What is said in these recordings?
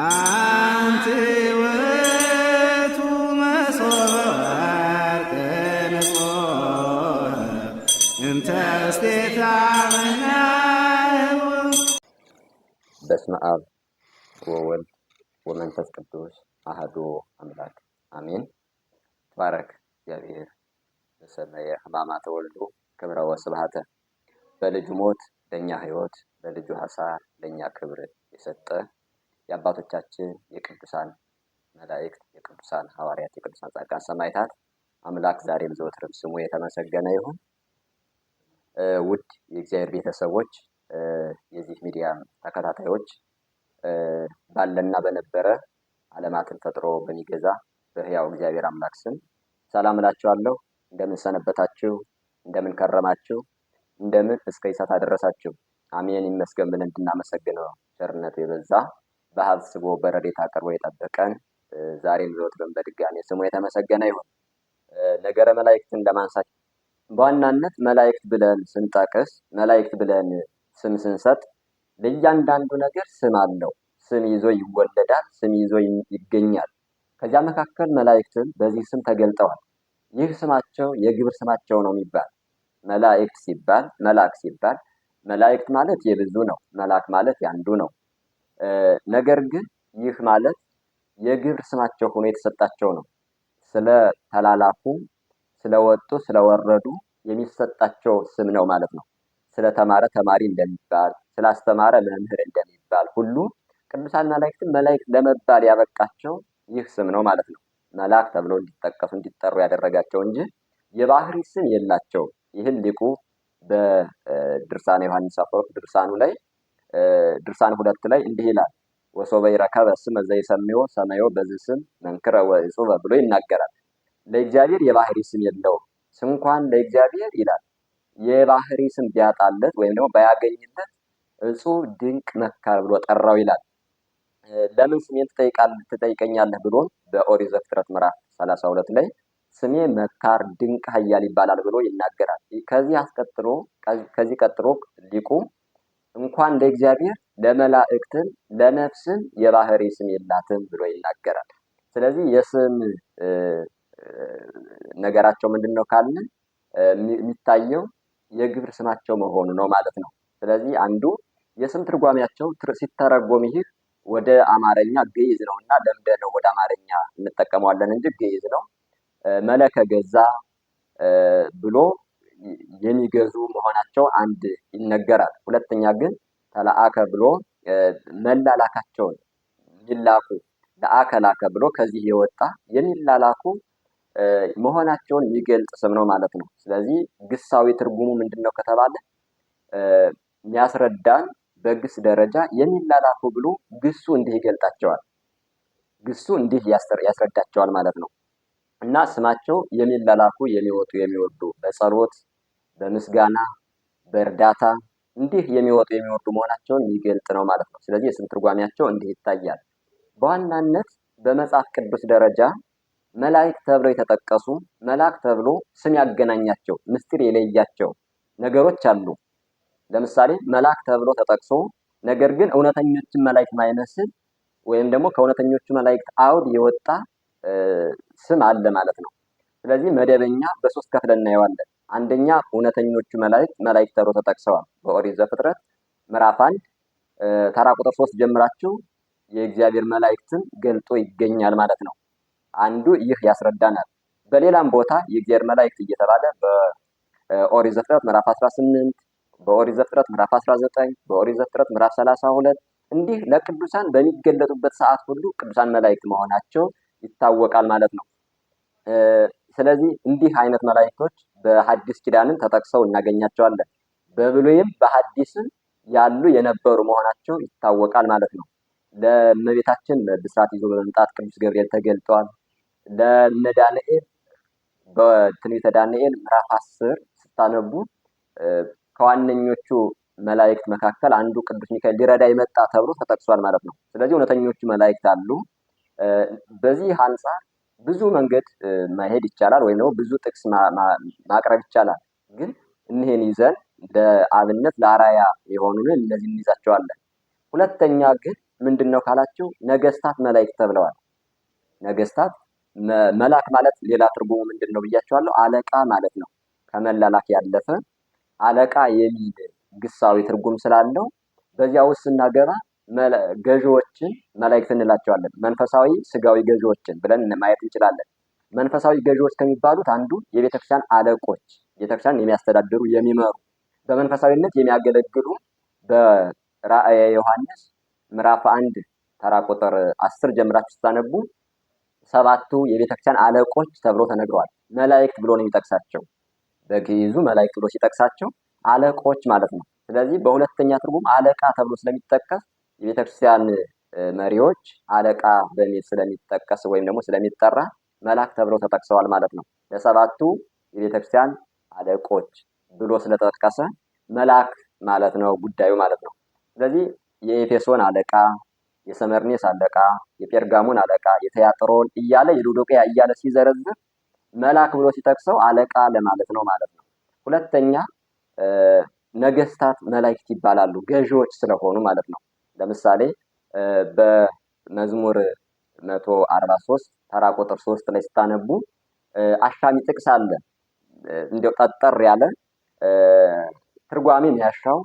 አንቲ ውእቱ መሶበ ወርቅ ንጹሕ እንተ እስቴታ መናው በስመ አብ ወወልድ ወመንፈስ ቅዱስ አህዶ አምላክ አሜን። ባረክ እግዚአብሔር በሰማየ ሕማማተ ወልዶ ክብረ ወስብሐተ በልጁ ሞት ለእኛ ሕይወት በልጁ ሐሳር ለእኛ ክብር የሰጠ የአባቶቻችን የቅዱሳን መላእክት የቅዱሳን ሐዋርያት የቅዱሳን ጻድቃን ሰማዕታት አምላክ ዛሬም ዘወትርም ስሙ የተመሰገነ ይሁን። ውድ የእግዚአብሔር ቤተሰቦች፣ የዚህ ሚዲያ ተከታታዮች ባለና በነበረ ዓለማትን ፈጥሮ በሚገዛ በሕያው እግዚአብሔር አምላክ ስም ሰላም እላችኋለሁ። እንደምን ሰነበታችሁ? እንደምን ከረማችሁ? እንደምን እስከ ይሳት አደረሳችሁ? አሜን ይመስገን ብለን እንድናመሰግነው ቸርነቱ የበዛ በሀብት ስቦ በረዴት አቅርቦ የጠበቀን ዛሬም ዘወትርም በድጋሜ ስሙ የተመሰገነ ይሁን። ነገረ መላእክትን ለማንሳት በዋናነት መላእክት ብለን ስንጠቅስ መላእክት ብለን ስም ስንሰጥ ለእያንዳንዱ ነገር ስም አለው። ስም ይዞ ይወለዳል፣ ስም ይዞ ይገኛል። ከዚያ መካከል መላእክትን በዚህ ስም ተገልጠዋል። ይህ ስማቸው የግብር ስማቸው ነው የሚባል መላእክት ሲባል መላክ ሲባል መላእክት ማለት የብዙ ነው። መላክ ማለት ያንዱ ነው። ነገር ግን ይህ ማለት የግብር ስማቸው ሆኖ የተሰጣቸው ነው። ስለ ተላላፉ፣ ስለወጡ፣ ስለወረዱ የሚሰጣቸው ስም ነው ማለት ነው። ስለተማረ ተማሪ እንደሚባል፣ ስላስተማረ መምህር እንደሚባል ሁሉ ቅዱሳን መላእክትም መላእክት ለመባል ያበቃቸው ይህ ስም ነው ማለት ነው። መልአክ ተብሎ እንዲጠቀሱ እንዲጠሩ ያደረጋቸው እንጂ የባህሪ ስም የላቸው። ይህን ሊቁ በድርሳነ ዮሐንስ አፈወርቅ ድርሳኑ ላይ ድርሳን ሁለት ላይ እንዲህ ይላል ወሶበ ይረከበ ስመ ዘይሰምዮ ሰመዮ በዚህ ስም መንክረ ወእጹበ ብሎ ይናገራል። ለእግዚአብሔር የባህሪ ስም የለውም። ስንኳን ለእግዚአብሔር ይላል የባህሪ ስም ቢያጣለት ወይም ደግሞ ባያገኝለት እጹብ ድንቅ መካር ብሎ ጠራው ይላል። ለምን ስሜን ትጠይቀኛለህ ብሎን በኦሪት ዘፍጥረት ምዕራፍ 32 ላይ ስሜ መካር ድንቅ ኃያል ይባላል ብሎ ይናገራል። ከዚህ አስቀጥሎ ከዚህ ቀጥሎ ሊቁም እንኳን ለእግዚአብሔር ለመላእክትም ለነፍስም የባህሪ ስም የላትም ብሎ ይናገራል። ስለዚህ የስም ነገራቸው ምንድን ነው ካለ የሚታየው የግብር ስማቸው መሆኑ ነው ማለት ነው። ስለዚህ አንዱ የስም ትርጓሚያቸው ሲተረጎም ይህ ወደ አማርኛ ግዕዝ ነው እና ነው ወደ አማርኛ እንጠቀመዋለን እንጂ ግዕዝ ነው። መለከ ገዛ ብሎ የሚገዙ መሆናቸው አንድ ይነገራል። ሁለተኛ ግን ተላአከ ብሎ መላላካቸውን የሚላኩ ለአከላከ ብሎ ከዚህ የወጣ የሚላላኩ መሆናቸውን የሚገልጽ ስም ነው ማለት ነው። ስለዚህ ግሳዊ ትርጉሙ ምንድን ነው ከተባለ የሚያስረዳን በግስ ደረጃ የሚላላኩ ብሎ ግሱ እንዲህ ይገልጣቸዋል። ግሱ እንዲህ ያስረዳቸዋል ማለት ነው እና ስማቸው የሚላላኩ የሚወጡ የሚወዱ በጸሎት በምስጋና በእርዳታ እንዲህ የሚወጡ የሚወርዱ መሆናቸውን የሚገልጥ ነው ማለት ነው። ስለዚህ የስም ትርጓሜያቸው እንዲህ ይታያል። በዋናነት በመጽሐፍ ቅዱስ ደረጃ መላእክት ተብለው የተጠቀሱ መልአክ ተብሎ ስም ያገናኛቸው ምስጢር የለያቸው ነገሮች አሉ። ለምሳሌ መልአክ ተብሎ ተጠቅሶ ነገር ግን እውነተኞችን መላእክት ማይመስል ወይም ደግሞ ከእውነተኞቹ መላእክት አውድ የወጣ ስም አለ ማለት ነው። ስለዚህ መደበኛ በሶስት ከፍለ እናየዋለን። አንደኛ እውነተኞቹ መላእክት መላእክት ተብለው ተጠቅሰዋል። በኦሪት ዘፍጥረት ምዕራፍ አንድ ተራ ቁጥር ሶስት ጀምራችሁ የእግዚአብሔር መላእክትን ገልጦ ይገኛል ማለት ነው። አንዱ ይህ ያስረዳናል። በሌላም ቦታ የእግዚአብሔር መላእክት እየተባለ በኦሪት ዘፍጥረት ምዕራፍ 18 በኦሪት ዘፍጥረት ምዕራፍ 19 በኦሪት ዘፍጥረት ምዕራፍ 32 እንዲህ ለቅዱሳን በሚገለጡበት ሰዓት ሁሉ ቅዱሳን መላእክት መሆናቸው ይታወቃል ማለት ነው። ስለዚህ እንዲህ አይነት መላእክቶች በሐዲስ ኪዳንም ተጠቅሰው እናገኛቸዋለን። በብሉይም በሐዲስም ያሉ የነበሩ መሆናቸው ይታወቃል ማለት ነው። ለእመቤታችን ብስራት ይዞ በመምጣት ቅዱስ ገብርኤል ተገልጧል። ለእነ ዳንኤል በትንቢተ ዳንኤል ምዕራፍ አስር ስታነቡ ከዋነኞቹ መላእክት መካከል አንዱ ቅዱስ ሚካኤል ሊረዳ ይመጣ ተብሎ ተጠቅሷል ማለት ነው። ስለዚህ እውነተኞቹ መላእክት አሉ። በዚህ አንጻር ብዙ መንገድ መሄድ ይቻላል ወይም ደግሞ ብዙ ጥቅስ ማቅረብ ይቻላል። ግን እኒህን ይዘን ለአብነት ለአራያ የሆኑን እነዚህ እንይዛቸዋለን። ሁለተኛ ግን ምንድን ነው ካላቸው ነገስታት መላእክት ተብለዋል። ነገስታት መላክ ማለት ሌላ ትርጉሙ ምንድን ነው ብያቸዋለሁ? አለቃ ማለት ነው። ከመላላክ ያለፈ አለቃ የሚል ግሳዊ ትርጉም ስላለው በዚያ ውስጥ ስናገባ ገዢዎችን መላእክት እንላቸዋለን። መንፈሳዊ ስጋዊ ገዢዎችን ብለን ማየት እንችላለን። መንፈሳዊ ገዢዎች ከሚባሉት አንዱ የቤተክርስቲያን አለቆች፣ ቤተክርስቲያን የሚያስተዳድሩ የሚመሩ፣ በመንፈሳዊነት የሚያገለግሉ በራእየ ዮሐንስ ምዕራፍ አንድ ተራ ቁጥር አስር ጀምራችሁ ስታነቡ ሰባቱ የቤተክርስቲያን አለቆች ተብሎ ተነግረዋል። መላእክት ብሎ ነው የሚጠቅሳቸው። በግዕዙ መላእክት ብሎ ሲጠቅሳቸው አለቆች ማለት ነው። ስለዚህ በሁለተኛ ትርጉም አለቃ ተብሎ ስለሚጠቀስ የቤተክርስቲያን መሪዎች አለቃ በሚል ስለሚጠቀስ ወይም ደግሞ ስለሚጠራ መልአክ ተብለው ተጠቅሰዋል ማለት ነው። ለሰባቱ የቤተክርስቲያን አለቆች ብሎ ስለተጠቀሰ መልአክ ማለት ነው ጉዳዩ ማለት ነው። ስለዚህ የኤፌሶን አለቃ፣ የሰመርኔስ አለቃ፣ የጴርጋሞን አለቃ፣ የተያጥሮን እያለ የሎዶቅያ እያለ ሲዘረዝር መልአክ ብሎ ሲጠቅሰው አለቃ ለማለት ነው ማለት ነው። ሁለተኛ ነገስታት መላእክት ይባላሉ ገዢዎች ስለሆኑ ማለት ነው። ለምሳሌ በመዝሙር መቶ አርባ ሶስት ተራ ቁጥር ሶስት ላይ ስታነቡ አሻሚ ጥቅስ አለ። እንዲያው ጠጠር ያለ ትርጓሜ የሚያሻው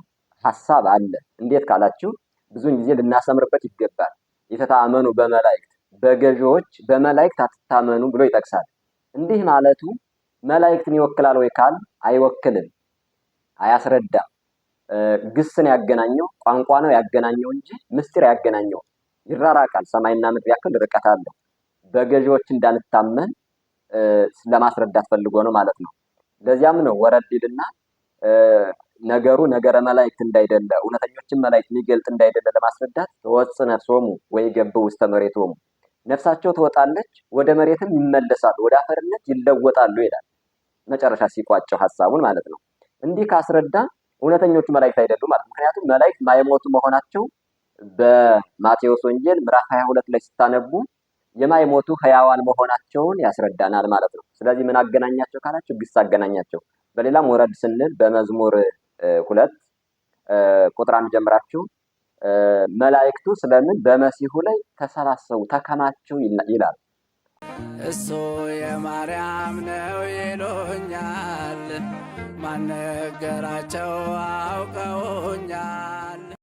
ሀሳብ አለ። እንዴት ካላችሁ ብዙውን ጊዜ ልናሰምርበት ይገባል። የተታመኑ በመላእክት በገዢዎች በመላእክት አትታመኑ ብሎ ይጠቅሳል። እንዲህ ማለቱ መላእክትን ይወክላል ወይ ካል አይወክልም፣ አያስረዳም። ግስን ያገናኘው ቋንቋ ነው ያገናኘው እንጂ ምስጢር ያገናኘው ይራራቃል። ሰማይና ምድር ያክል ርቀት አለው። በገዢዎች እንዳንታመን ለማስረዳት ፈልጎ ነው ማለት ነው። ለዚያም ነው ወረዲልና ነገሩ ነገረ መላእክት እንዳይደለ እውነተኞችን መላእክት የሚገልጥ እንዳይደለ ለማስረዳት ተወጽእ ነፍሶሙ ወይገብኡ ውስተ መሬቶሙ ነፍሳቸው ትወጣለች ወደ መሬትም ይመለሳሉ፣ ወደ አፈርነት ይለወጣሉ ይላል። መጨረሻ ሲቋጨው ሀሳቡን ማለት ነው እንዲህ ካስረዳ እውነተኞቹ መላእክት አይደሉም ማለት ምክንያቱም መላእክት ማይሞቱ መሆናቸው በማቴዎስ ወንጌል ምዕራፍ 22 ላይ ስታነቡ የማይሞቱ ህያዋን መሆናቸውን ያስረዳናል ማለት ነው። ስለዚህ ምን አገናኛቸው ካላችሁ ግስ አገናኛቸው። በሌላም ወረድ ስንል በመዝሙር ሁለት ቁጥር አንድ ጀምራችሁ መላእክቱ ስለምን በመሲሁ ላይ ተሰባሰቡ ተከማቸው ይላል። እሱ የማርያም ነው ይሉኛል ማነገራቸው አውቀውኛል።